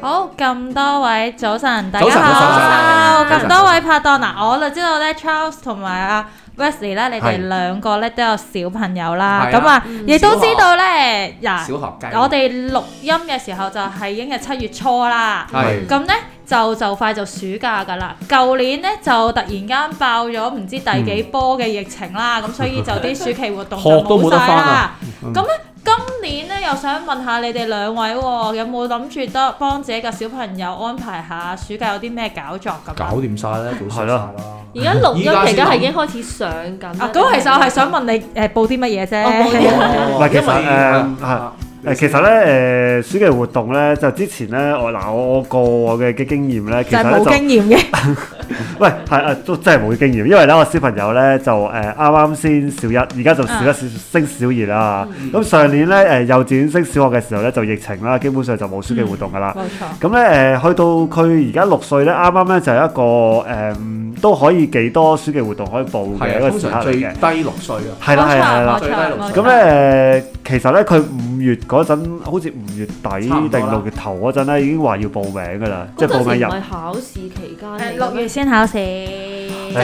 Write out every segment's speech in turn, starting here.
好，咁多位早晨，大家好，咁多位拍檔嗱，我就知道咧，Charles 同埋阿 Wesley 咧，你哋兩個咧都有小朋友啦，咁啊，亦都知道咧，嗱，我哋錄音嘅時候就係已經係七月初啦，咁咧就就快就暑假噶啦，舊年咧就突然間爆咗唔知第幾波嘅疫情啦，咁所以就啲暑期活動就冇晒啦，咁咧。今年咧又想問下你哋兩位有冇諗住得幫自己個小朋友安排下暑假有啲咩搞作咁？搞掂曬咧，係咯係咯。而家錄音期間係已經開始上緊。啊，咁其實我係想問你誒報啲乜嘢啫？唔係因為誒誒，其實咧誒暑期活動咧就之前咧我嗱我個我嘅嘅經驗咧，其實冇經驗嘅。 喂，係啊，都真係冇經驗，因為咧個小朋友咧就誒啱啱先小一，而家就小一升小二啦。咁上、嗯、年咧誒幼稚園升小學嘅時候咧就疫情啦，基本上就冇暑期活動噶啦。冇錯。咁咧誒去到佢而家六歲咧，啱啱咧就一個誒、嗯、都可以幾多暑期活動可以報嘅一個時間嚟嘅。通常最低六歲啊。係啦係啦，啊、錯最低六歲。咁咧誒，其實咧佢五月嗰陣，好似五月底定六月頭嗰陣咧，已經話要報名噶啦，即係報名入。係考試期間，六、嗯、月。嗯嗯嗯嗯考試，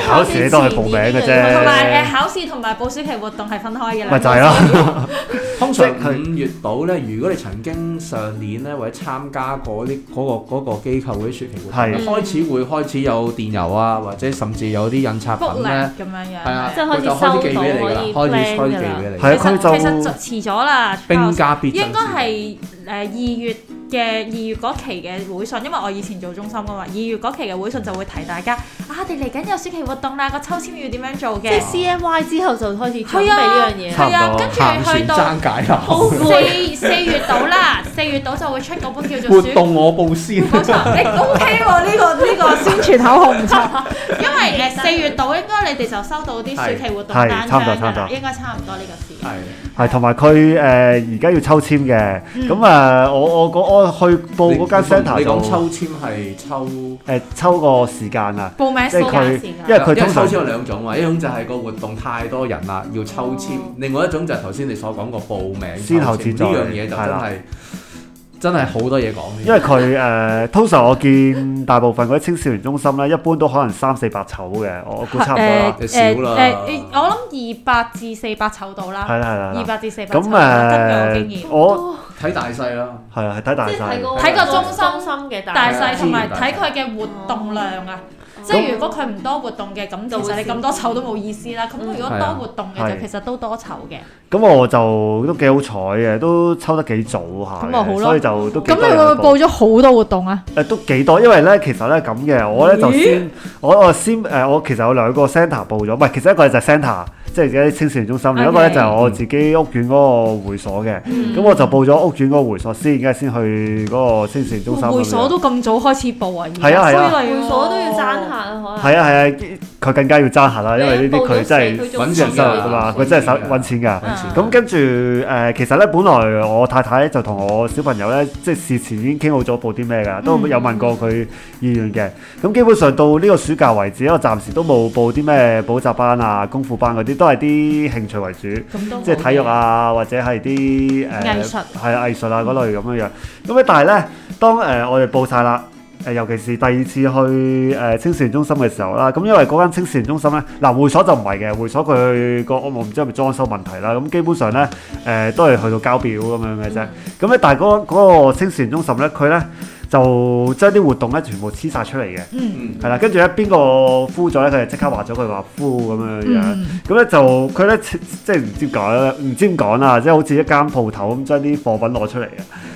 考試你都係報名嘅啫。同埋誒考試同埋報暑期活動係分開嘅啦。咪就係咯，通常喺五月到咧，如果你曾經上年咧或者參加過啲嗰、那個嗰、那個機構啲暑期活動，的開始會開始有電郵啊，或者甚至有啲印刷品咧咁樣樣。係啊，即係開始收稿可以 plan 嘅啦。係佢就其實就遲咗啦，兵家必爭。應該誒二月嘅二月嗰期嘅會訊，因為我以前做中心嘅嘛，二月嗰期嘅會訊就會提大家啊，你哋嚟緊有暑期活動啦，個抽籤要點樣做嘅？即係 CNY 之後就開始準備呢樣嘢，啊，跟住去到四四月到啦，四月到就會出嗰本叫做活動我報先。好啊，你 OK 喎，呢個呢個宣傳口號唔錯，因為誒四月到應該你哋就收到啲暑期活動單嘅啦，應該差唔多呢個時間。係係，同埋佢誒而家要抽籤嘅咁啊。誒，我我我去報嗰間 centre 你講抽籤係抽誒抽個時間啊，報名間時間，因為佢因為佢抽籤有兩種啊，嗯、一種就係個活動太多人啦，要抽籤；嗯、另外一種就係頭先你所講個報名，先後次序呢籤樣嘢就真係。真係好多嘢講，因為佢誒、呃、通常我見大部分嗰啲青少年中心咧， 一般都可能三四百湊嘅，我估差唔多啦，少啦。誒我諗二百至四百湊到啦，係啦係啦，二百至四百。咁誒，我建議我睇大細啦，係啊，係睇大細，睇個中心心嘅大細，同埋睇佢嘅活動量啊。即係如果佢唔多活動嘅，咁其實你咁多抽都冇意思啦。咁、嗯、如果多活動嘅就其實都多抽嘅啊。咁、嗯、我就都幾好彩嘅，的都抽得幾早下，好啊，所以就都幾開心。咁你會報咗好多活動啊？誒、呃，都幾多？因為咧，其實咧咁嘅，我咧、嗯、就先，我我先誒、呃，我其實有兩個 center 報咗，唔係，其實一個就係 center。即係而家啲青少年中心，另一個咧就係我自己屋苑嗰個會所嘅。咁我就報咗屋苑嗰個會所先，而家先去嗰個青少年中心。會所都咁早開始報啊！係啊係啊，所以會所都要爭下啊！可能係啊係啊，佢更加要爭下啦，因為呢啲佢真係揾人生㗎嘛，佢真係想揾錢㗎。咁跟住誒，其實咧，本來我太太就同我小朋友咧，即係事前已經傾好咗報啲咩㗎，都有問過佢意願嘅。咁基本上到呢個暑假為止，我暫時都冇報啲咩補習班啊、功夫班嗰啲。都係啲興趣為主，即係體育啊，或者係啲誒，係啊藝術啊嗰類咁樣樣。咁咧，但係咧，當誒我哋報晒啦，誒尤其是第二次去誒青少年中心嘅時候啦，咁因為嗰間青少年中心咧，嗱會所就唔係嘅，會所佢個我唔知係咪裝修問題啦。咁基本上咧，誒都係去到交表咁樣嘅啫。咁咧，但係嗰嗰個青少年中心咧，佢咧。就將啲活動咧全部黐晒出嚟嘅，係啦、嗯，跟住咧邊個敷咗咧，佢就即刻、嗯、就即刻話咗佢話敷咁樣樣，咁咧就佢咧即即唔知講唔知點講啦，即係好似一間鋪頭咁將啲貨品攞出嚟嘅。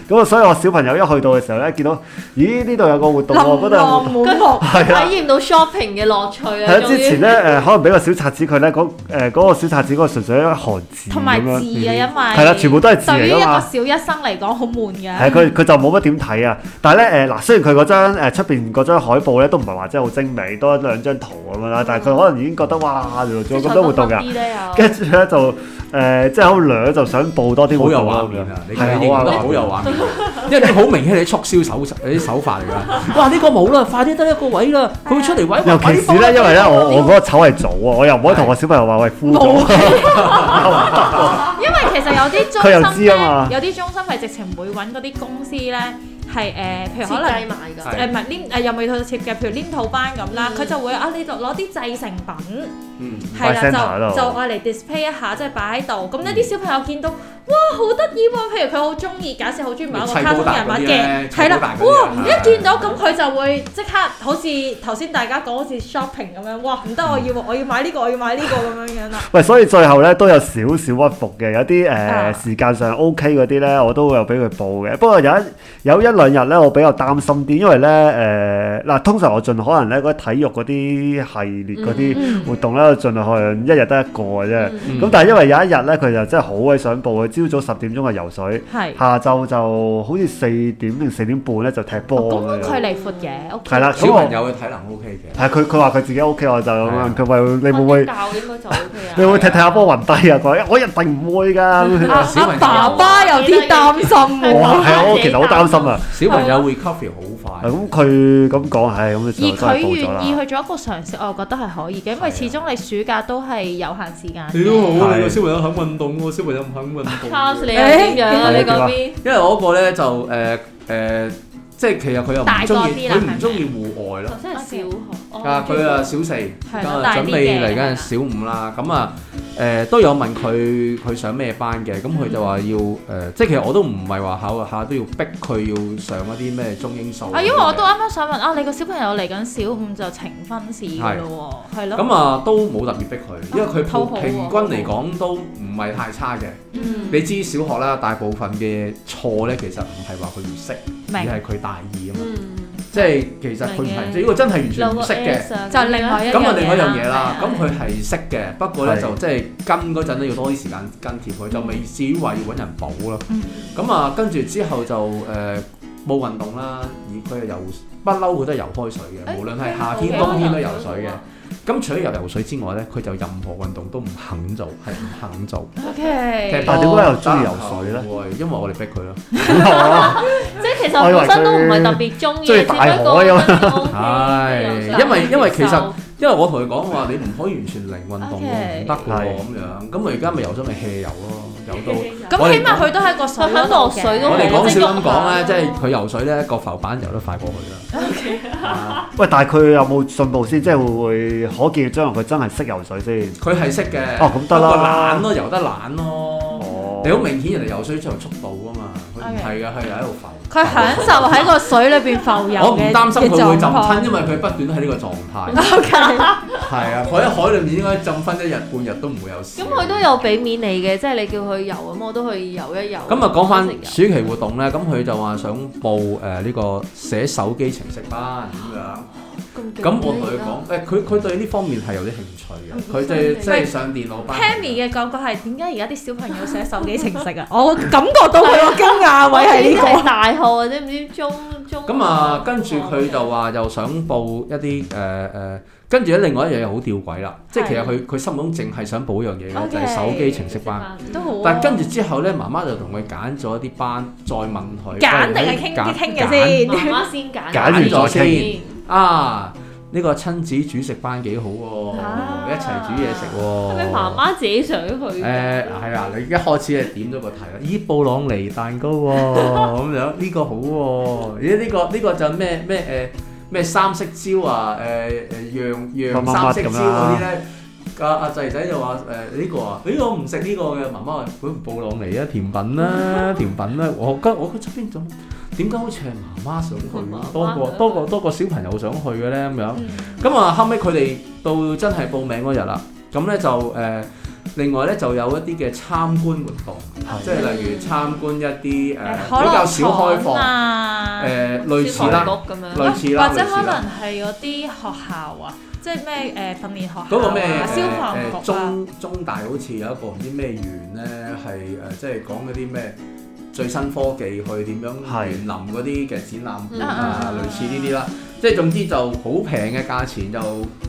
咁啊，所以我小朋友一去到嘅時候咧，見到，咦呢度有個活動喎、啊，覺得，跟住體驗到 shopping 嘅樂趣啊！係啊，於之前咧誒、呃，可能俾個小冊子佢咧，嗰誒、呃那個小冊子嗰個純粹一漢字同埋字因樣，係啦、嗯，全部都係字嚟嘅嘛。因為個小一生嚟講好悶㗎。係佢佢就冇乜點睇啊！但係咧誒嗱，雖然佢嗰張出邊嗰張海報咧都唔係話真係好精美，多一兩張圖咁樣啦，嗯、但係佢可能已經覺得哇做咗咁多活動㗎，跟住咧就。就誒，即係好兩就想報多啲好有畫面啊！你嘅影得嚟好有畫面，因為你好明顯係啲促銷手啲手法嚟噶。哇！呢個冇啦，快啲得一個位啦，佢會出嚟位。尤其是咧，因為咧，我我嗰個丑係早啊，我又唔可以同我小朋友話喂，呼，早啊。因為其實有啲中心咧，有啲中心係直情唔會揾嗰啲公司咧。係誒，譬如可能誒唔係黏誒幼苗套設計，譬如黏土班咁啦，佢就會啊，呢度攞啲製成品，係啦，就就啊嚟 display 一下，即係擺喺度。咁咧啲小朋友見到，哇，好得意喎！譬如佢好中意，假設好中意某一個卡通人物嘅，係啦，哇，一見到咁佢就會即刻好似頭先大家講好似 shopping 咁樣，哇，唔得，我要我要買呢個，我要買呢個咁樣樣啦。喂，所以最後咧都有少少屈服嘅，有啲誒時間上 OK 嗰啲咧，我都會有俾佢報嘅。不過有一有一。兩日咧，我比較擔心啲，因為咧誒嗱，通常我盡可能咧嗰體育嗰啲系列嗰啲活動咧，盡量去一日得一個嘅啫。咁但係因為有一日咧，佢就真係好鬼想報佢朝早十點鐘嘅游水，下晝就好似四點定四點半咧就踢波咁樣。距離闊嘅，係啦，小朋友嘅體能 O K 嘅。係佢佢話佢自己 O K，我就咁樣。佢話你會唔會教應該就 O K 啊？你會踢踢下波暈低啊？我我一定唔會㗎。爸爸有啲擔心我，係我其實好擔心啊。小朋友會 copy 好快，咁佢咁講係咁嘅，而佢願意去做一個嘗試，我覺得係可以嘅，因為始終你暑假都係有限時間。對對你都好，你個小朋友肯運動喎，小朋友唔肯運動。 你點樣啊？欸、你嗰邊？因為我嗰個咧就誒誒、呃呃，即係其實佢又唔中意，佢唔中意戶外啦，即係小學。Okay. 啊！佢啊、oh, okay. 小四，咁啊的準備嚟緊小五啦。咁啊的，誒、呃、都有問佢佢上咩班嘅。咁佢、mm hmm. 就話要誒、呃，即係其實我都唔係話考下都要逼佢要，要上一啲咩中英數。啊，因為我都啱啱想問啊，你個小朋友嚟緊小五就呈分試嘅咯喎，係咯。咁啊、嗯、都冇特別逼佢，因為佢平均嚟講都唔係太差嘅。Mm hmm. 你知小學啦，大部分嘅錯咧其實唔係話佢唔識，明白而係佢大意啊嘛。Mm hmm. 即係其實佢唔係，即係如果真係完全唔識嘅，就另外一樣咁啊，另外一樣嘢啦。咁佢係識嘅，不過咧就即係跟嗰陣咧要多啲時間跟貼佢，就未至於話要揾人補咯。咁啊，跟住之後就誒冇運動啦，而佢係由不嬲，佢都係游開水嘅，無論係夏天冬天都游水嘅。咁除咗游游水之外咧，佢就任何運動都唔肯做，係唔肯做。OK，但係點解又中意游水咧？因為我哋逼佢咯，即係其實我本身都唔係特別中意，中意大海，咁係因為因為其實。因為我同佢講話，你唔可以完全零運動，唔得嘅喎咁樣。咁佢而家咪游咗咪 hea 遊咯，遊到咁起碼佢都係個水度落水咯。我哋講笑咁講咧，即係佢游水咧，個浮板游得快過去啦。喂，但係佢有冇進步先？即係會唔會可見將來佢真係識游水先？佢係識嘅，哦，咁不過懶咯，游得懶咯。你好明顯，人哋游水就速度啊嘛，佢唔係㗎，係又喺度浮。佢享受喺個水裏邊浮遊，我唔擔心佢會浸親，因為佢不斷喺呢個狀態。OK。係 啊，佢喺海裡面應該浸翻一日半日都唔會有事。咁佢都有俾面你嘅，即係你叫佢遊，咁我都可以遊一遊。咁啊，講翻暑期活動咧，咁佢、嗯、就話想報誒呢個寫手機程式班咁樣？ 咁我同佢講，誒佢佢對呢方面係有啲興趣嘅，佢哋即係上電腦班。Tammy 嘅講過係點解而家啲小朋友寫手機程式啊？我感覺到佢，我驚訝位係呢個大號或者唔知中中。咁啊，跟住佢就話又想報一啲誒誒，跟住咧另外一樣嘢好吊詭啦，即係其實佢佢心目中淨係想報一樣嘢嘅，就係手機程式班。都好。但係跟住之後咧，媽媽就同佢揀咗一啲班，再問佢。揀定係傾啲傾嘅先，點先揀。揀完再傾。啊！呢、這個親子煮食班幾好喎、啊，啊、一齊煮嘢食喎、啊。你媽媽自己想去嘅。誒係、呃、啊，你一開始係點咗個題啊？咦，布朗尼蛋糕喎、啊，咁樣呢、這個好喎、啊。咦、這個，呢個呢個就咩咩誒咩三色椒啊，誒、呃、誒羊羊三色椒嗰啲咧。阿阿仔仔就話誒呢個啊，呢、這個、我唔食呢個嘅，媽媽話，咁、呃、布朗尼啊，甜品啦、啊，甜品啦、啊啊。我覺得我覺得出邊仲。點解好似係媽媽想去多過多過多過小朋友想去嘅咧咁樣？咁啊後尾佢哋到真係報名嗰日啦，咁咧就誒，另外咧就有一啲嘅參觀活動，即係例如參觀一啲誒比較少開放誒類似啦，類似啦，或者可能係嗰啲學校啊，即係咩誒訓練學校嗰個咩消防中中大好似有一個唔知咩園咧，係誒即係講嗰啲咩？最新科技去點樣園林嗰啲嘅展覽館啊，的類似呢啲啦，即係總之就好平嘅價錢，就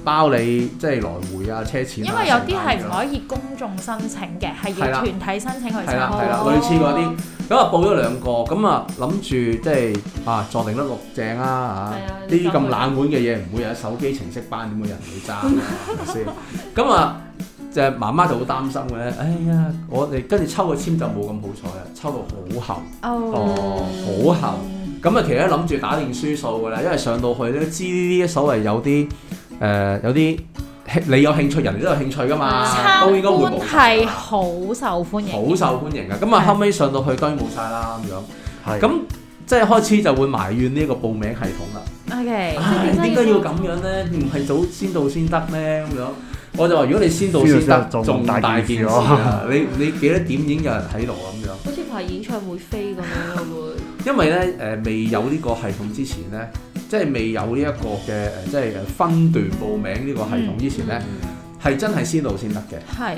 包你即係來回啊、車錢、啊。因為有啲係唔可以公眾申請嘅，係、啊、要團體申請去參加係啦，係啦，類似嗰啲咁啊，報、嗯、咗兩個咁啊，諗、嗯、住即係啊，坐定得六正啦呢啲咁冷門嘅嘢唔會有手機程式班，點會有人去爭先咁啊！ 就係媽媽就好擔心嘅，哎呀！我哋跟住抽個籤就冇咁好彩啦，抽到好後、oh，哦，好後咁啊！其實諗住打定輸數㗎啦，因為上到去咧知呢啲所謂有啲誒、呃、有啲你有興趣，人哋都有興趣㗎嘛，都應該會冇。係好受歡迎，好受歡迎㗎！咁啊，後尾上到去當然冇晒啦咁樣，咁即係開始就會埋怨呢個報名系統啦。O K，點解要咁樣咧？唔係、嗯、早先到先得咩咁樣？我就話：如果你先到先得仲大件事， 你你幾多點已經有人喺度咁樣？好似排演唱會飛咁樣會。 因為咧誒未有呢個系統之前咧，即係未有呢一個嘅誒，即係誒分段報名呢個系統之前咧，係、嗯、真係先到先得嘅。係。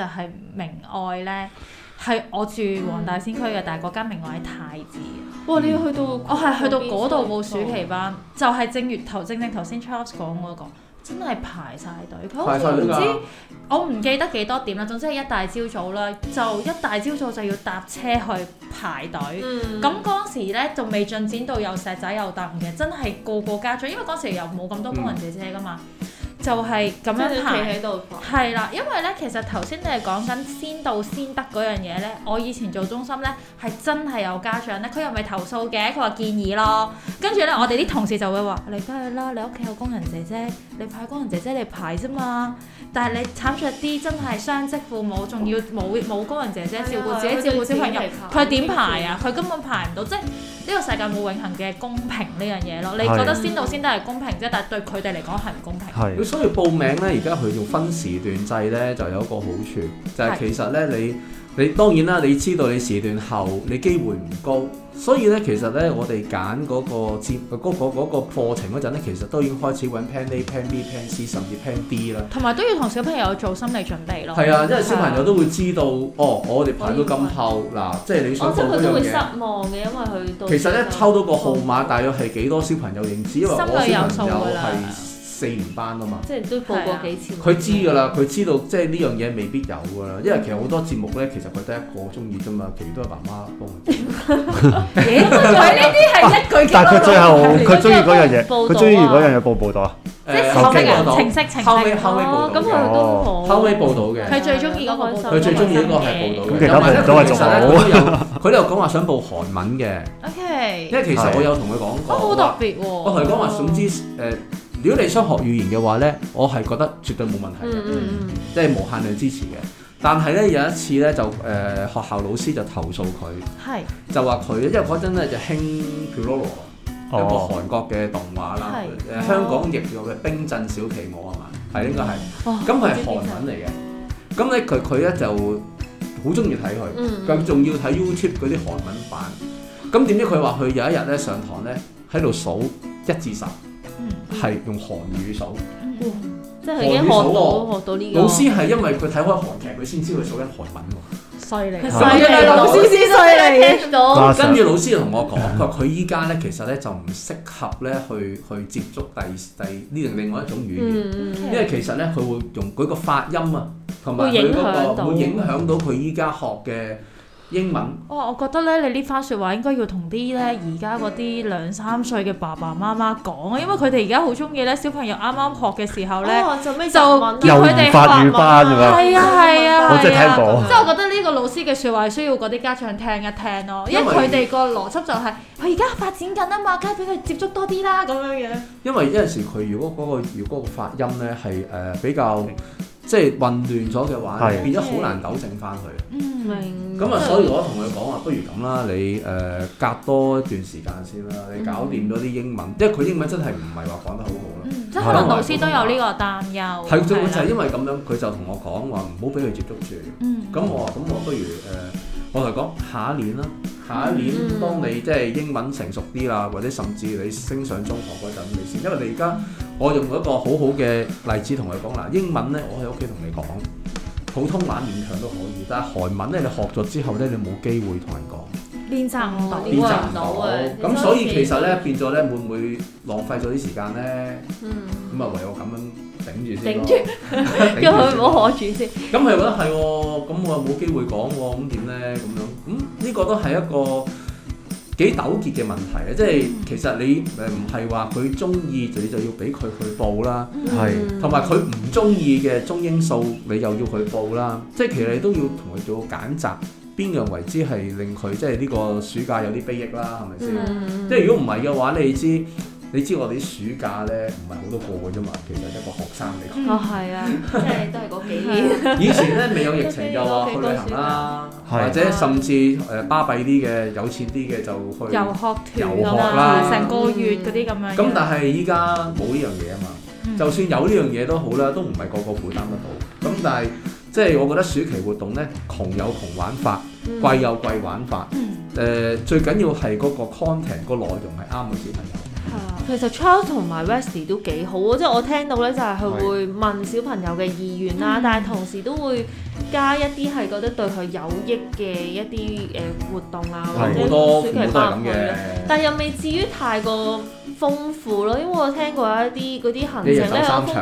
就係明愛呢，係我住黃大仙區嘅，但係嗰間明愛喺太子。嗯、哇！你要去到我係、嗯啊、去到嗰度冇暑期班，啊、就係正月頭，正正頭先 Charles 講嗰、嗰個，真係排晒隊。佢好似唔知，我知，我唔記得幾多點啦，總之係一大朝早啦，就一大朝早就要搭車去排隊。嗯，咁嗰時呢仲未進展到有石仔有凳嘅，真係個個家長，因為嗰時又冇咁多工人姐姐㗎嘛。嗯嗯就係咁樣排，係啦，因為咧，其實頭先你係講緊先到先得嗰樣嘢咧。我以前做中心咧，係真係有家長咧，佢又咪投訴嘅，佢話建議咯。跟住咧，我哋啲同事就會話：你梗係啦，你屋企有工人姐姐，你派工人姐姐你排啫嘛。但係你慘著啲，真係雙職父母，仲要冇冇工人姐姐、哎、呀照顧自己，自己照顧小朋友，佢點排，排啊？佢麼根本排唔到。即係呢、呢個世界冇永恆嘅公平呢樣嘢咯。你覺得先到先得係公平啫，的但係對佢哋嚟講係唔公平。所以報名咧，而家佢用分時段制咧，就有一個好處，就係、是、其實咧，你你當然啦，你知道你時段後，你機會唔高。所以咧，其實咧，我哋揀嗰個尖嗰、嗰個嗰個、課程嗰陣咧，其實都已經開始揾 plan A、plan B、plan C 甚至 plan D 啦。同埋都要同小朋友做心理準備咯。係啊，因為小朋友都會知道，啊、哦，我哋排到咁後，嗱、啊，即係你想做一樣嘢佢都會失望嘅，因為佢。其實咧，抽到個號碼，大約係幾多小朋友認知？因為我小朋友係。四年班啊嘛，即係都報過幾次。佢知㗎啦，佢知道即係呢樣嘢未必有㗎啦。因為其實好多節目咧，其實佢得一個中意啫嘛，其實都係爸媽幫佢。耶！所以呢啲係一句。但係佢最後佢中意嗰樣嘢，佢中意嗰樣嘢報報到啊。程式程式程式程式程式程式程式程式程式程式程式程式程式程式程式程式程式程式程式程式程式程式程式程式程式程式程式程式程式程式程式程式程式程式程式如果你想學語言嘅話呢，我係覺得絕對冇問題嘅，即係無限量支持嘅。但係呢，有一次呢，就誒學校老師就投訴佢，就話佢因為嗰陣咧就興《Pororo》，一個韓國嘅動畫啦，香港譯做嘅《冰鎮小企鵝》係嘛？係應該係，咁係韓文嚟嘅。咁呢，佢佢咧就好中意睇佢，咁仲要睇 YouTube 嗰啲韓文版。咁點知佢話佢有一日呢，上堂呢，喺度數一至十。係、嗯、用韓語數，哦、即係已經學到呢、這個、老師係因為佢睇開韓劇，佢先知佢數緊韓文喎。犀利，犀利、嗯，老師先犀利。聽跟住老師同我講，佢依家咧其實咧就唔適合咧去去接觸第第呢另外一種語言，因為其實咧佢會用佢個發音啊，同埋佢嗰個會影響到佢依家學嘅。英文哇、哦，我覺得咧，你呢番説話應該要同啲咧而家嗰啲兩三歲嘅爸爸媽媽講啊，因為佢哋而家好中意咧小朋友啱啱學嘅時候咧、哦，就叫佢哋學啊嘛，係啊係啊，即係我覺得呢個老師嘅説話需要嗰啲家長聽一聽咯，因為佢哋個邏輯就係，佢而家發展緊啊嘛，梗係俾佢接觸多啲啦咁樣樣。因為有陣時佢如果嗰、嗰個如果個發音咧係誒比較。即係混亂咗嘅話，是變咗好難糾正翻佢。嗯，明。咁啊，所以我同佢講話，不如咁啦，你誒、呃、隔多一段時間先啦，你搞掂咗啲英文，嗯、因為佢英文真係唔係話講得好好咯、嗯。即係可能老師都是有呢個擔憂。係，就係、因為咁樣，佢就同我講話唔好俾佢接觸住。嗯。咁我話，咁我不如誒、呃，我同佢講下一年啦，下一年，下一年、嗯、當你即係英文成熟啲啦，或者甚至你升上中學嗰陣你先，因為你而家。我用一個好好嘅例子同佢講啦，英文咧我喺屋企同你講，普通話勉強都可以，但係韓文咧你學咗之後咧你冇機會同人講，練習我練習唔到，咁所以其實咧變咗咧會唔會浪費咗啲時間咧？嗯，咁啊唯有我咁樣頂住先，頂住，叫佢唔好可住先。咁係喎，係喎，咁我又冇機會講喎，咁點咧？咁樣，嗯，呢、嗯嗯呢個都係一個。幾糾結嘅問題啊！即係其實你誒唔係話佢鍾意，你就要俾佢去報啦。係同埋佢唔鍾意嘅中英數，你又要去報啦。即係其實你都要同佢做個揀擇，邊樣為之係令佢即係呢個暑假有啲裨益啦？係咪先？嗯、即係如果唔係嘅話，你知。你知我哋暑假咧，唔係好多個嘅啫嘛，其實一個學生嚟講。哦，係啊，即係都係嗰幾年。以前咧未有疫情就話去旅行啦，或者甚至誒巴閉啲嘅、有錢啲嘅就去遊學團，遊學啦，成個月嗰啲咁樣。咁但係依家冇呢樣嘢啊嘛，就算有呢樣嘢都好啦，都唔係個個負擔得到。咁但係即係我覺得暑期活動咧，窮有窮玩法，貴有貴玩法。誒，最緊要係嗰個 content 個內容係啱嘅小朋友。其實 Charles 同埋 Westie 都幾好啊，即係我聽到咧就係佢會問小朋友嘅意願啦，是但係同時都會加一啲係覺得對佢有益嘅一啲誒活動啊，嗯、或者暑期班去啦。多但係又未至於太過豐富咯，因為我聽過一啲嗰啲行程咧，好豐富，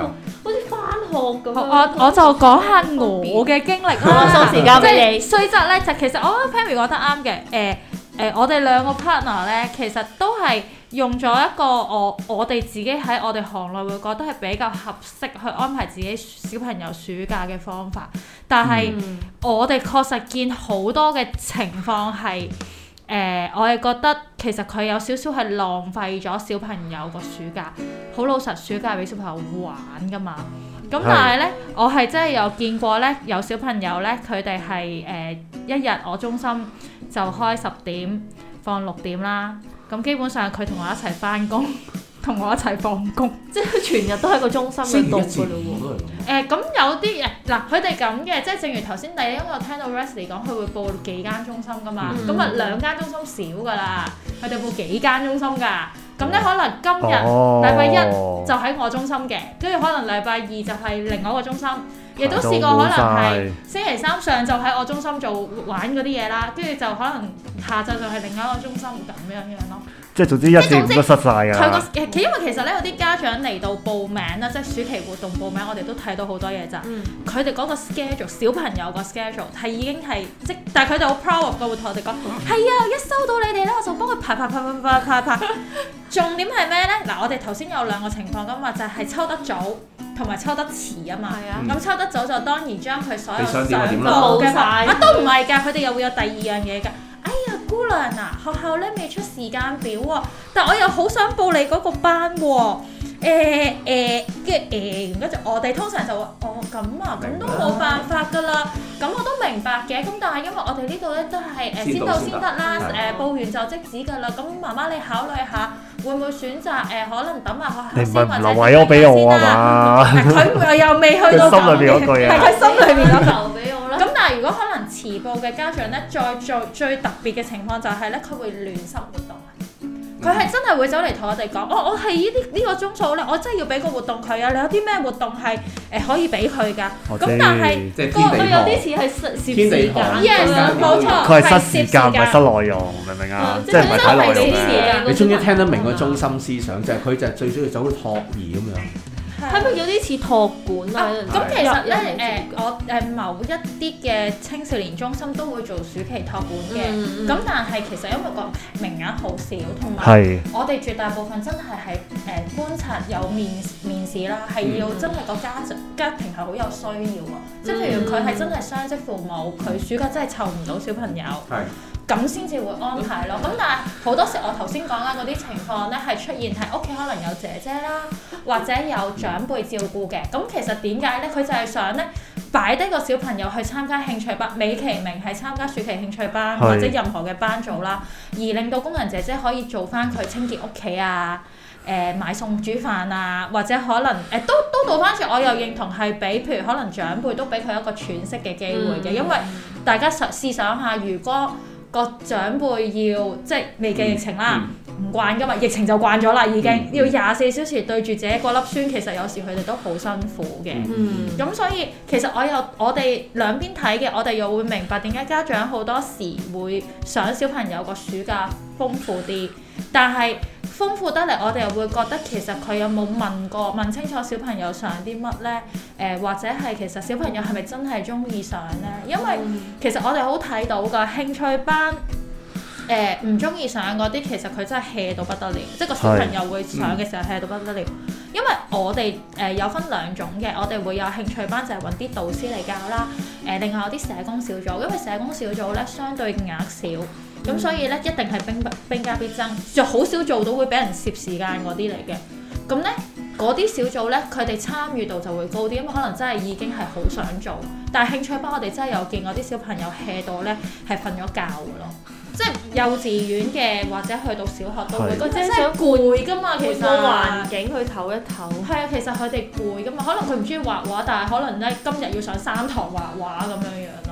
好似翻學咁。我我就講下我嘅經歷啦，即你雖則咧，其實我覺得 Pammy 講得啱嘅，誒誒，我哋、呃呃呃、兩個 partner 咧其實都係。用咗一個我我哋自己喺我哋行內會覺得係比較合適去安排自己小朋友暑假嘅方法，但係、嗯、我哋確實見好多嘅情況係，誒、呃、我係覺得其實佢有少少係浪費咗小朋友個暑假。好老實，暑假俾小朋友玩㗎嘛。咁但係呢，的我係真係有見過呢，有小朋友呢，佢哋係誒一日我中心就開十點放六點啦。咁基本上佢同我一齊翻工，同我一齊放工，即係全日都喺個中心度嘅咯喎。咁、呃、有啲人嗱，佢哋咁嘅，即係正如頭先第一因為我聽到 Rest 嚟講，佢會報幾間中心噶嘛。咁啊、嗯，兩間中心少噶啦，佢哋報幾間中心噶。咁咧可能今日禮拜一就喺我中心嘅，跟住可能禮拜二就係另外一個中心。亦都試過可能係星期三上晝喺我中心做玩嗰啲嘢啦，跟住就可能下晝就係另一個中心咁樣樣咯。即係總之一字之都失曬㗎。佢個因為其實咧，有啲家長嚟到報名啦，即係暑期活動報名，我哋都睇到好多嘢咋、就是。佢哋嗰個 schedule，小朋友個 schedule 係已經係即，但係佢哋好 proud 嘅。會同我哋講係啊，一收到你哋咧，我就幫佢排排排排排排排,排,排 重點係咩咧？嗱，我哋頭先有兩個情況㗎嘛，就係、是、抽得早。同埋抽得遲啊嘛，咁、啊嗯、抽得早就當然將佢所有想報嘅，怎樣怎樣啊都唔係㗎，佢哋又會有第二樣嘢㗎。哎呀，姑娘啊，學校咧未出時間表喎、啊，但我又好想報你嗰個班喎、啊。誒跟住誒，跟、欸、住、欸、我哋通常就話，哦咁啊，咁都冇辦法㗎啦。咁我都明白嘅，咁但係因為我哋呢度咧都係誒、呃、動先到先得啦，誒的、呃、報完就即止㗎啦。咁媽媽你考慮下。會唔會選擇誒、呃，可能等埋學校先或者俾我先啦、啊。佢又未去到咁，係佢 心裏面留俾我啦。咁但係如果可能遲報嘅家長咧，再做最最特別嘅情況就係咧，佢會亂塞活動。佢係真係會走嚟同我哋講，哦，我係依啲呢個鐘數咧，我真係要俾個活動佢啊！你有啲咩活動係誒可以俾佢噶？咁但係，佢有啲似係蝕蝕時間，冇錯，佢係失時間，唔係失內容，明唔明啊？即係唔係太內啲嘢啊。你終於聽得明個中心思想就係佢就係最鍾意走啲托兒咁樣。係咪有啲似託管啊？咁來、啊、其實咧，誒、呃，我誒、呃、某一啲嘅青少年中心都會做暑期託管嘅。咁、嗯嗯、但係其實因為個名額好少，同埋我哋絕大部分真係係誒觀察有面、嗯、面試啦，係要真係個家長、嗯、家庭係好有需要啊。嗯、即係譬如佢係真係雙職父母，佢暑假真係湊唔到小朋友。係、嗯。嗯咁先至會安排咯。咁但係好多時，我頭先講啦嗰啲情況咧，係出現喺屋企可能有姐姐啦，或者有長輩照顧嘅。咁其實點解呢？佢就係想呢，擺低個小朋友去參加興趣班，美其名係參加暑期興趣班或者任何嘅班組啦，而令到工人姐姐可以做翻佢清潔屋企啊，誒、呃、買餸煮飯啊，或者可能誒、呃、都都倒翻轉，我又認同係俾譬如可能長輩都俾佢一個喘息嘅機會嘅，嗯、因為大家實試想下，如果個長輩要即係未嘅疫情啦。嗯嗯唔慣㗎嘛，疫情就慣咗啦，已經要廿四小時對住自己嗰粒孫，其實有時佢哋都好辛苦嘅。咁、mm hmm. 所以其實我又我哋兩邊睇嘅，我哋又會明白點解家長好多時會想小朋友個暑假豐富啲，但係豐富得嚟，我哋又會覺得其實佢有冇問過問清楚小朋友想啲乜呢？誒、呃、或者係其實小朋友係咪真係中意上呢？因為其實我哋好睇到㗎興趣班。誒、唔中意上嗰啲，其實佢真係 hea 到不得了，是即係個小朋友會上嘅時候 hea 到不得了。嗯、因為我哋誒、呃、有分兩種嘅，我哋會有興趣班就係揾啲導師嚟教啦。誒、呃，另外有啲社工小組，因為社工小組呢，相對額少，咁、嗯、所以呢，一定係兵兵家必爭，就好少做到會俾人攝時間嗰啲嚟嘅。咁呢，嗰啲小組呢，佢哋參與度就會高啲，因為可能真係已經係好想做。但係興趣班我哋真係有見過啲小朋友 hea 到呢，係瞓咗覺㗎咯。即係幼稚園嘅，或者去讀小學都會，即係的想攰㗎嘛，其實個環境去唞一唞。係啊，其實佢哋攰㗎嘛，可能佢唔中意畫畫，但係可能咧今日要上三堂畫畫咁樣樣。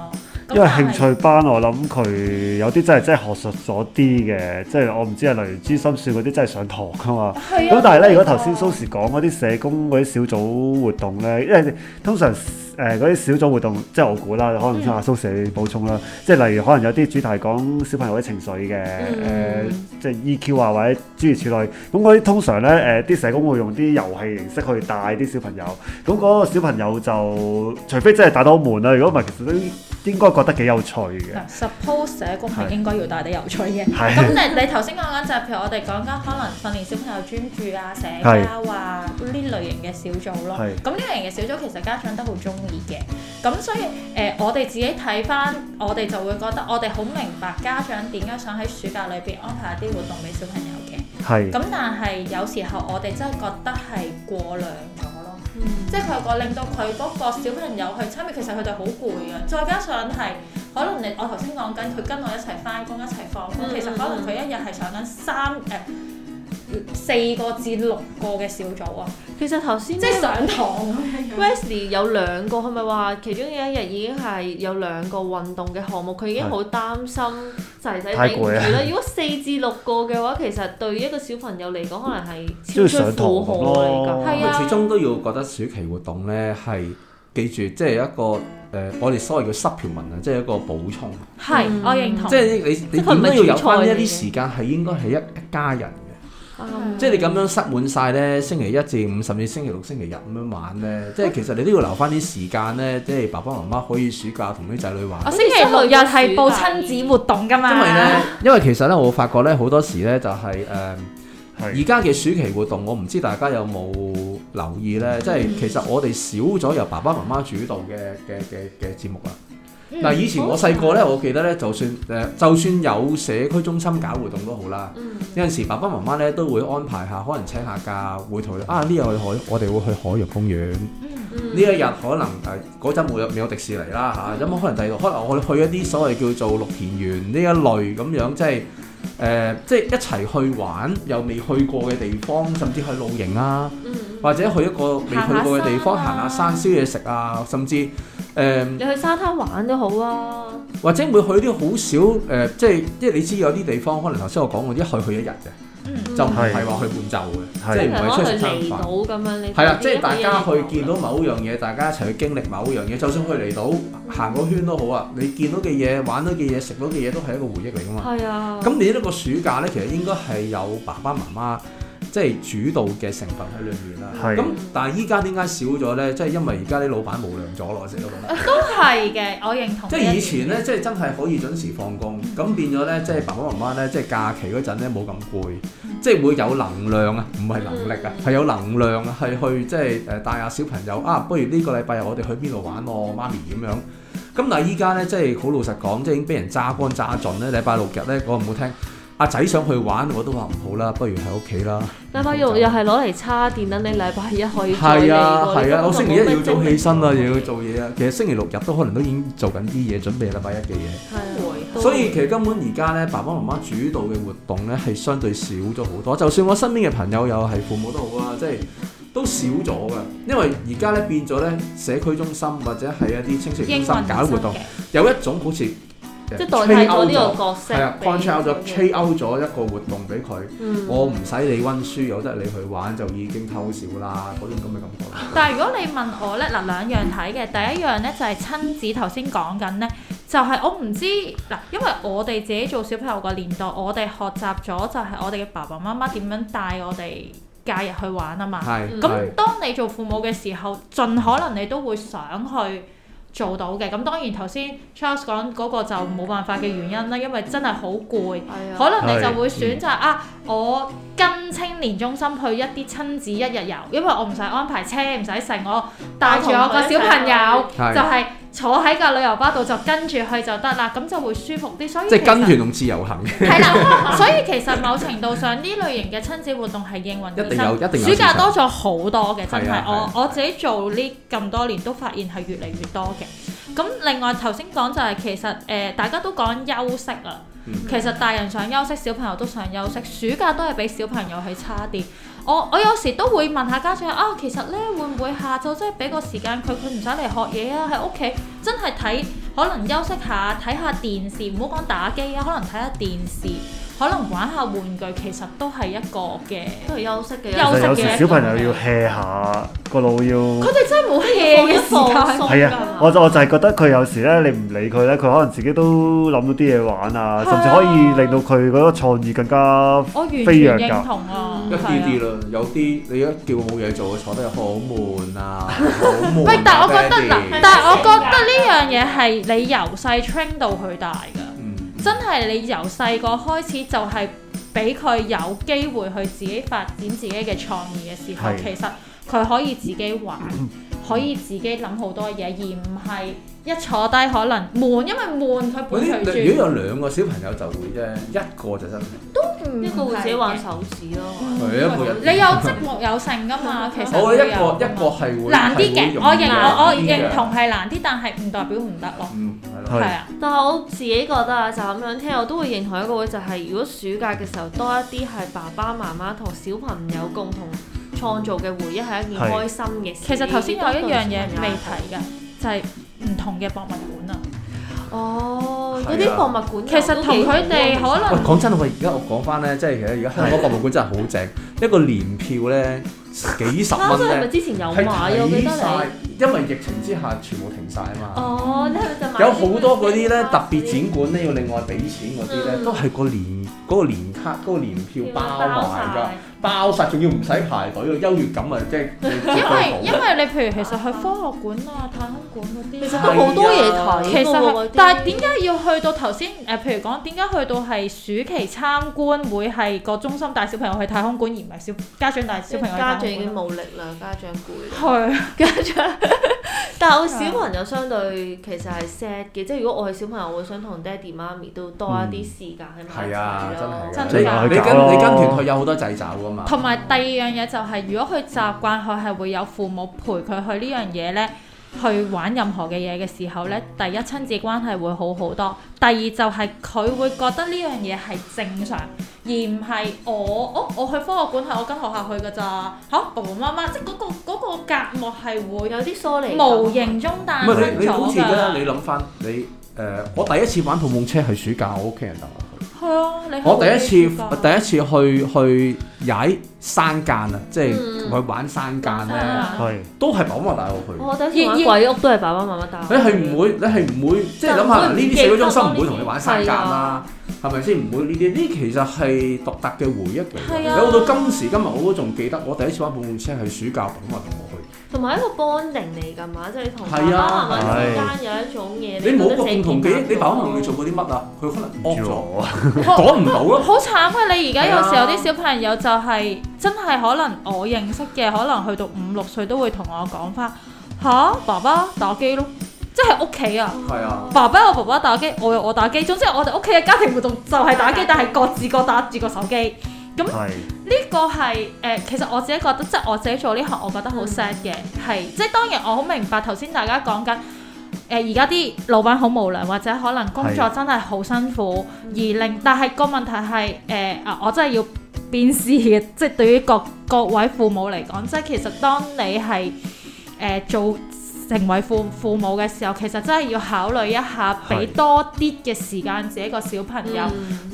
因為興趣班我諗佢有啲真係真係學術咗啲嘅，即係我唔知係例如知心算嗰啲真係上堂噶嘛。咁、啊、但係咧，啊啊、如果頭先 Sousie 講嗰啲社工嗰啲小組活動咧，因為通常誒嗰啲小組活動即係我估啦，可能先阿 Sousie 補充啦，啊、即係例如可能有啲主題講小朋友啲情緒嘅誒。嗯呃即係 EQ 啊，或者諸如此類，咁嗰啲通常咧，誒啲社工會用啲遊戲形式去帶啲小朋友，咁嗰個小朋友就除非真係打到好悶啦，如果唔係，其實都應該覺得幾有趣嘅。Suppose 社工係應該要帶啲有趣嘅，咁你，你頭先講緊就係譬如我哋講緊可能訓練小朋友專注啊、社交啊呢類型嘅小組咯，咁呢類型嘅小組其實家長都好中意嘅，咁所以誒，我哋自己睇翻，我哋就會覺得我哋好明白家長點解想喺暑假裏邊安排一啲活動俾小朋友嘅，係咁是，但係有時候我哋真係覺得係過量咗咯，即係佢個令到佢嗰個小朋友去參與，其實佢哋好攰呀，再加上係可能你我頭先講緊佢跟我一齊返工一齊放工，嗯、其實可能佢一日係上緊三誒，呃四個至六個嘅小組啊，其實頭先即係上堂，Rasie 有兩個，係咪話其中有一日已經係有兩個運動嘅項目，佢已經好擔心，仔仔使頂住咧？如果四至六個嘅話，其實對一個小朋友嚟講，可能係超出負荷咯，係啊，始終都要覺得暑期活動咧係記住，即係一個誒，我、呃、哋所謂嘅 supplement 啊，即係一個補充，係，我認同，嗯、即係你你點都要有翻一啲時間，係應該係一一家人。嗯、即係你咁樣塞滿晒呢，星期一至五甚至星期六、星期日咁樣玩呢。即係其實你都要留翻啲時間呢，即係爸爸媽媽可以暑假同啲仔女玩。我星期六日係報親子活動噶嘛？嗯、因為呢，因為其實呢，我發覺呢好多時呢，就係、是、誒，而家嘅暑期活動，我唔知大家有冇留意呢？嗯、即係其實我哋少咗由爸爸媽媽主導嘅嘅嘅嘅節目啦。嗱，以前我細個咧，我記得咧，就算誒，就算有社區中心搞活動都好啦。嗯、有陣時，爸爸媽媽咧都會安排下，可能請下假，會同啊呢日去海，我哋會去海洋公園。呢、嗯、一日可能誒，嗰陣冇入未有迪士尼啦嚇，有、啊、冇、嗯嗯、可能第二度？可能我哋去一啲所謂叫做綠田園呢一類咁樣，即係。誒，即係一齊去玩又未去過嘅地方，甚至去露營啊，或者去一個未去過嘅地方行下山燒嘢食啊，甚至誒，你去沙灘玩都好啊，或者會去啲好少誒，即係即係你知有啲地方可能頭先我講過，一去去一日嘅，就唔係話去半晝嘅，即係唔係出去食餐飯咁樣。係啦，即係大家去見到某樣嘢，大家一齊去經歷某樣嘢，就算佢嚟到。行個圈都好啊！你見到嘅嘢、玩到嘅嘢、食到嘅嘢都係一個回憶嚟噶嘛。係是啊。咁你呢個暑假呢，其實應該係有爸爸媽媽即係、就是、主導嘅成分喺裏面啦。咁是、啊、但係依家點解少咗呢？即、就、係、是、因為而家啲老闆無良咗咯，成日都覺得。都係嘅，我認同。即係以前呢，即、就、係、是、真係可以準時放工，咁、嗯、變咗呢，即、就、係、是、爸爸媽媽呢，即、就、係、是、假期嗰陣呢，冇咁攰，即係、嗯、會有能量啊，唔係能力啊，係、嗯、有能量啊，係去即係誒帶下小朋友啊，不如呢個禮拜日我哋去邊度玩喎，媽咪咁樣。咁但係依家咧，即係好老實講，即係已經俾人揸乾揸準咧。禮拜六日咧，講唔好聽，阿仔想去玩，我都話唔好啦，不如喺屋企啦。禮拜六又係攞嚟叉電等、嗯、你禮拜一去。以係啊係啊，啊我星期一要早起身啊，對要做嘢啊。其實星期六日都可能都已經做緊啲嘢，準備禮拜一嘅嘢。係、啊。所以其實根本而家咧，爸爸媽媽主導嘅活動咧，係相對少咗好多。就算我身邊嘅朋友又係父母都好啊，即係。都少咗噶，因為而家咧變咗咧，社區中心或者係一啲青少年搞活動，嗯、有一種好似即係代替咗呢個角色，係 contract out 咗一個活動俾佢，嗯、我唔使你温書，有得你去玩就已經偷笑啦，嗰種咁嘅感覺。但係如果你問我咧，嗱兩樣睇嘅，第一樣咧就係親子，頭先講緊咧，就係我唔知嗱，因為我哋自己做小朋友嘅年代，我哋學習咗就係我哋嘅爸爸媽媽點樣帶我哋。假日去玩啊嘛，咁是當你做父母嘅時候，是盡可能你都會想去做到嘅。咁當然頭先 Charles 講嗰個就冇辦法嘅原因啦，嗯、因為真係好攰，嗯、可能你就會選擇啊，啊，我跟青年中心去一啲親子一日遊，因為我唔使安排車，唔使成我帶住我個小朋友就係、是。坐喺個旅遊巴度就跟住去就得啦，咁就會舒服啲。所以即係跟團同自由行。係啦，所以其實某程度上呢 類型嘅親子活動係應運而生，暑假多咗好多嘅，真係、啊啊、我我自己做呢咁多年都發現係越嚟越多嘅。咁另外頭先講就係、是、其實誒、呃、大家都講休息啦。其實大人想休息，小朋友都想休息。暑假都係畀小朋友係差啲。我我有時都會問下家長啊，其實呢會唔會下晝即係俾個時間佢，佢唔想嚟學嘢啊，喺屋企真係睇可能休息下，睇下電視，唔好講打機啊，可能睇下電視。可能玩下玩具其實都係一個嘅，都係休息嘅。休息嘅。有時小朋友要 hea 下個腦要。佢哋真係冇 hea 嘅，放鬆。係啊，我我就係覺得佢有時咧，你唔理佢咧，佢可能自己都諗到啲嘢玩啊，甚至可以令到佢嗰個創意更加飛躍㗎。一啲啲啦，有啲你一叫佢冇嘢做，佢坐得又、啊啊、 好悶啊，好悶。但係我覺得嗱，但係我覺得呢樣嘢係你由細 train 到佢大㗎。真係你由細個開始就係俾佢有機會去自己發展自己嘅創意嘅時候，是其實佢可以自己玩。 可以自己諗好多嘢，而唔係一坐低可能悶，因為悶佢本身。如果有兩個小朋友就會啫，一個就真係都唔會自己玩手指咯。係啊，每日你有積木有剩噶嘛？其實我一個一個係會係啲難啲嘅，我認我認同係難啲，但係唔代表唔得咯。嗯，係啊。但係我自己覺得啊，就咁樣聽，我都會認同一個位就係，如果暑假嘅時候多一啲係爸爸媽媽同小朋友共同創造嘅回憶係一件開心嘅事。其實頭先有一樣嘢未提㗎，就係唔同嘅博物館啊。哦，嗰啲博物館其實同佢哋可能講真喎，而家我講翻咧，即係其實而家香港博物館真係好正。一個年票咧幾十蚊啫。咪之前有買啊？記得你。因為疫情之下全部停晒啊嘛。哦，你係咪有好多嗰啲咧特別展館咧要另外俾錢嗰啲咧，都係個年嗰個年卡嗰個年票包埋㗎。包實仲要唔使排隊咯，優越感啊，即係因為因為你譬如其實去科學館啊、太空館嗰啲、啊，啊、其實都好多嘢睇嘅喎，其實。但係點解要去到頭先？誒，譬如講點解去到係暑期參觀會係個中心帶小朋友去太空館，而唔係小家長帶小朋友去太空館、啊、家長已經冇力啦，家長攰啦， 家長。 但係我小朋友相對其實係 sad 嘅，即係如果我係小朋友，我會想同爹哋媽咪都多一啲時間喺埋一齊咯。真係、啊，你跟你跟團去、啊、有好多掣肘噶嘛。同埋第二樣嘢就係、是，如果佢習慣佢係會有父母陪佢去呢樣嘢呢。去玩任何嘅嘢嘅時候呢，第一親子關係會好好多，第二就係佢會覺得呢樣嘢係正常，而唔係我我、哦、我去科學館係我跟學校去嘅咋嚇？爸、啊、爸媽媽即係嗰、嗰個隔膜係會有啲疏離，無形中但係存在，你你諗翻你誒、呃，我第一次玩碰碰車係暑假，我屋企人係啊！你我第一次，第一次去去踩山間啊，即係同佢玩山間咧，嗯、是都係爸爸媽媽帶我去。我第一次玩鬼屋都係爸爸媽媽帶我去。你係唔會，你係唔會，的即係諗下，呢啲社會中心唔會同你玩山間啦，係咪先？唔會呢啲，呢其實係獨特嘅回憶嚟嘅。你、啊、到今時今日，我都仲記得，我第一次玩碰碰車係暑假，爸爸同我同埋一個 bonding 嚟㗎嘛，即係你同爸爸媽媽之間有一種嘢。你冇個共同嘅，你爸爸可能會做過啲乜啊？佢可能惡講唔到啊！好慘啊！你而家有時候啲小朋友就係真係可能我認識嘅，可能去到五六歲都會同我講翻吓爸爸打機咯，即係屋企啊！係啊，爸爸我爸爸打機，我又我打機，總之我哋屋企嘅家庭活動就係打機，但係各自各打，各自個手機。咁呢個係誒、呃，其實我自己覺得，即係我自己做呢行，我覺得好 sad 嘅，係、mm hmm. 即係當然我好明白頭先大家講緊，而家啲老闆好無良，或者可能工作真係好辛苦，mm hmm. 而令但係個問題係誒啊，我真係要變思，即係對於各各位父母嚟講，即係其實當你係誒、呃、做成為父父母嘅時候，其實真係要考慮一下一，俾多啲嘅時間自己個小朋友，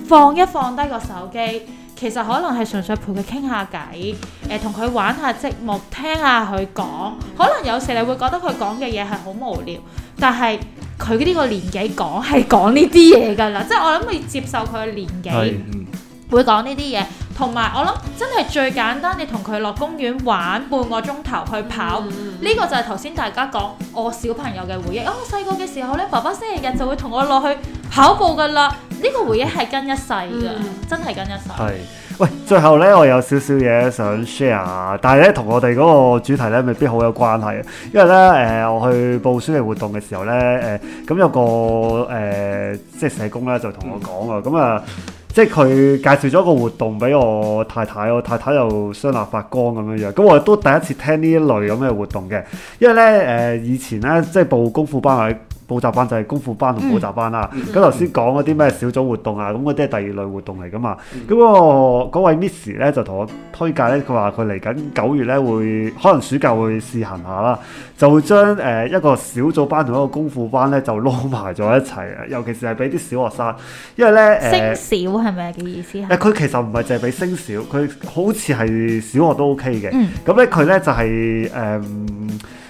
放一放低個手機。其實可能係純粹陪佢傾、呃、下偈，誒，同佢玩下積木，聽下佢講。可能有時你會覺得佢講嘅嘢係好無聊，但係佢呢個年紀講係講呢啲嘢噶啦，即係我諗佢接受佢嘅年紀、嗯、會講呢啲嘢。同埋我諗真係最簡單，你同佢落公園玩半個鐘頭去跑，呢、嗯、個就係頭先大家講我小朋友嘅回憶。哦、我細個嘅時候呢爸爸星期日就會同我落去跑步噶啦。呢個回憶係跟一世嘅，嗯、真係跟一世。係，喂，最後咧，我有少少嘢想 share，但係咧，同我哋嗰個主題咧未必好有關係。因為咧，誒、呃，我去報書嘅活動嘅時候咧，誒、呃，咁有個誒、呃，即係社工咧就同我講啊，咁啊、嗯，即係佢介紹咗個活動俾我太太，我太太又雙眼發光咁樣樣，咁我都第一次聽呢一類咁嘅活動嘅。因為咧，誒、呃，以前咧，即係報功夫班係。補習班就係功夫班同補習班啦、啊，咁頭先講嗰啲咩小組活動啊，咁嗰啲係第二類活動嚟噶嘛？咁、嗯、我嗰位 Miss 咧就同我推介咧，佢話佢嚟緊九月咧會，可能暑假會試行下啦，就會將誒、呃、一個小組班同一個功夫班咧就撈埋咗一齊，尤其是係俾啲小學生，因為咧誒升小係咪嘅意思？誒、呃，佢其實唔係淨係俾升小，佢好似係小學都 OK 嘅，咁咧佢咧就係、是、誒，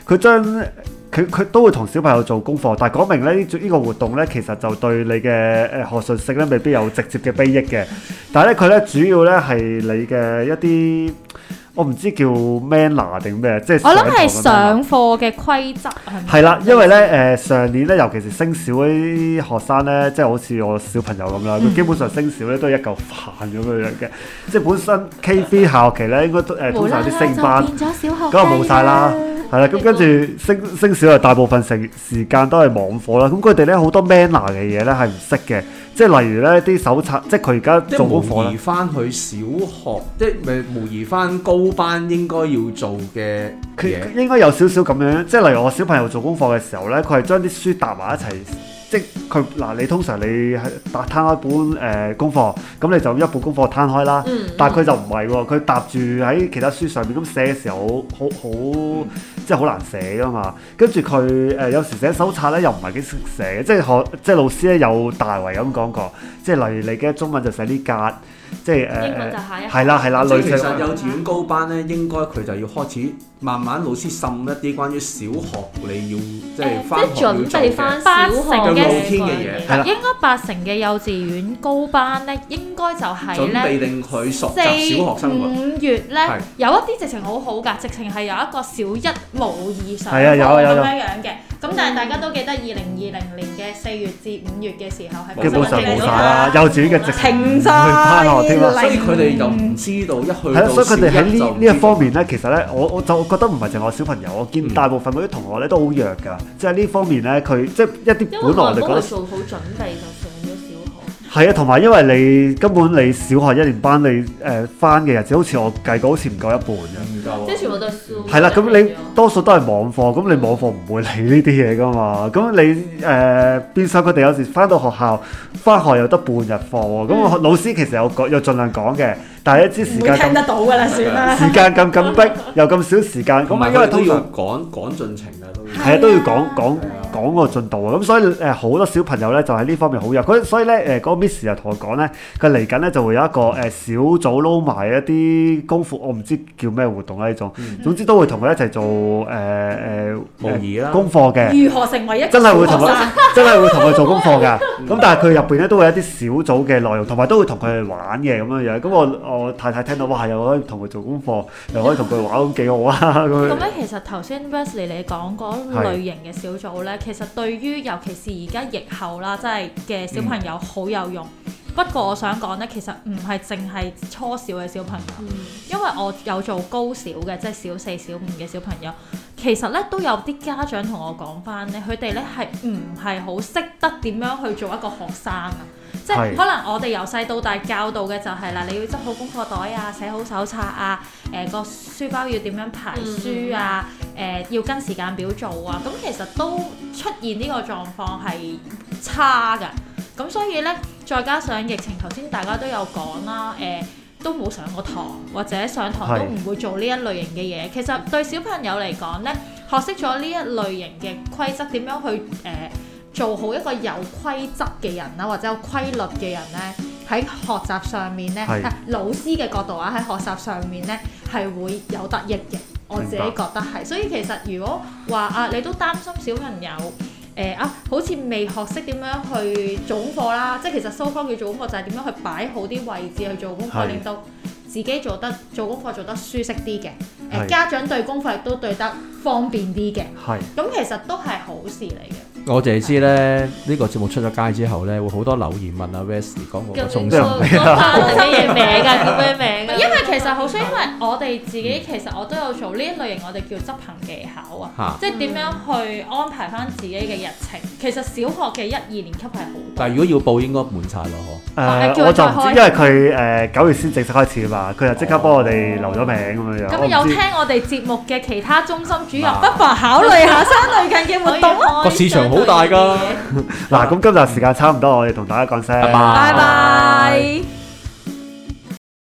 佢、呃、將。佢佢都會同小朋友做功課，但係講明咧呢呢、這個活動咧，其實就對你嘅誒、呃、學術性咧，未必有直接嘅裨益嘅。但係咧，佢咧主要咧係你嘅一啲，我唔知叫 manner 定咩，即係我諗係上課嘅規則係。係啦，嗯嗯、因為咧誒、呃、上年咧，尤其是升小啲學生咧，即係好似我小朋友咁啦，佢基本上升小咧都係一嚿飯咁樣樣嘅。嗯、即係本身 KV 下學期咧應該都誒通常啲升班，而家冇晒啦。係啦，咁跟住升升小，係大部分成時間都係網課啦。咁佢哋咧好多 manner 嘅嘢咧係唔識嘅，即係例如咧啲手冊，即係佢而家做功課而，即係翻去小學，即係咪模擬翻高班應該要做嘅，佢應該有少少咁樣，即係例如我小朋友做功課嘅時候咧，佢係將啲書搭埋一齊。即係佢嗱，你通常你打攤開一本誒、呃、功課，咁你就一部功課攤開啦。嗯嗯、但係佢就唔係喎，佢搭住喺其他書上面咁寫嘅時候，好好、嗯、即係好難寫噶嘛。跟住佢誒有時寫手冊咧，又唔係幾識寫，即係學即係老師咧，有大圍咁講過，即係例如你嘅中文就寫呢格。即係誒，英文就係，係啦係啦，即係其實幼稚園高班咧，應該佢就要開始慢慢老師滲一啲關於小學你要、呃、即係翻學要做嘅，即係準備翻小學嘅嘢，係啦。的的應該八成嘅幼稚園高班咧，應該就係咧，準備令佢熟習即係小學生活，四五月咧的有一啲直情好好㗎，直情係有一個小一模以上啊，咁樣樣嘅。咁、嗯、但係大家都記得，二零二零年嘅四月至五月嘅時候係基本上冇晒、啊、停噶了，幼稚園嘅職業去返學，所以佢哋就唔知道一去到，係所以佢哋喺呢呢一方面咧，其實咧，我我就覺得唔係淨係我小朋友，我見大部分嗰啲同學咧都好弱噶，即係呢方面咧，佢即係一啲本來我哋做好準備。係啊，同埋因為你根本你小學一年班你誒翻嘅日子，好似我計過，好似唔夠一半嘅，即全部都係係啦，咁你多數都係網課，咁你網課唔會理呢啲嘢㗎嘛。咁你誒變相佢哋有時翻到學校翻學又得半日課喎。咁老師其實有講，有盡量講嘅，但係一啲時間唔會聽得到㗎啦，算啦。時間咁緊逼，又咁少時間，咁咪因為都要講講進程啊，都係啊，都要講講。講個進度啊，咁所以誒好多小朋友咧就喺呢方面好入佢，所以咧誒嗰個 Miss 又同我講咧，佢嚟緊咧就會有一個誒小組撈埋一啲功課，我唔知叫咩活動啦呢種，總之都會同佢一齊做誒誒模擬啦功課嘅，如何成為一個真係會同佢，真係會同佢做功課嘅。咁但係佢入邊咧都會有一啲小組嘅內容，同埋都會同佢去玩嘅咁樣樣。咁我我太太聽到哇，又可以同佢做功課，又可以同佢玩，幾好啊！咁樣其實頭先 Rasley 你講嗰類型嘅小組咧。其實對於尤其是而家疫後啦，真係嘅小朋友好有用。嗯、不過我想講呢，其實唔係淨係初小嘅小朋友，嗯、因為我有做高小嘅，即係小四、小五嘅小朋友，其實呢，都有啲家長同我講翻呢，佢哋呢係唔係好識得點樣去做一個學生啊？即係可能我哋由細到大教導嘅就係啦，你要執好功課袋啊，寫好手冊啊，誒、呃、個書包要點樣排書啊，誒、嗯呃、要跟時間表做啊，咁其實都出現呢個狀況係差㗎。咁所以呢，再加上疫情頭先大家都有講啦，誒、呃、都冇上過堂，或者上堂都唔會做呢一類型嘅嘢。是其實對小朋友嚟講呢，學識咗呢一類型嘅規則點樣去誒、呃做好一個有規則嘅人啦，或者有規律嘅人咧，喺學習上面咧是、啊，老師嘅角度啊，喺學習上面咧係會有得益嘅。我自己覺得係，白所以其實如果話啊，你都擔心小朋友誒、呃、啊，好似未學識點樣去做功課啦，即係其實收方佢做功課就係點樣去擺好啲位置去做功課，令到是自己做得做功課做得舒適啲嘅是、啊、家長對功課亦都對得方便啲嘅。係咁是，其實都係好事嚟嘅。我就係知咧，呢個節目出咗街之後咧，會好多留言問阿 West 講我中心。叫我幫佢認名㗎，叫咩名？因為其實好衰，因為我哋自己其實我都有做呢一類型，我哋叫執行技巧啊，即係點樣去安排翻自己嘅日程。其實小學嘅一二年級係好。但係如果要報，應該滿晒咯。誒、嗯，我就知，因為佢誒九月先正式開始嘛，佢就即刻幫我哋留咗名咁、哦、樣。咁有，有聽我哋節目嘅其他中心主任不妨考慮下，相類近嘅活動可以。個市場。好大㗎，嗱，咁今日時間差唔多， 我哋同大家講聲，拜拜 bye。Bye bye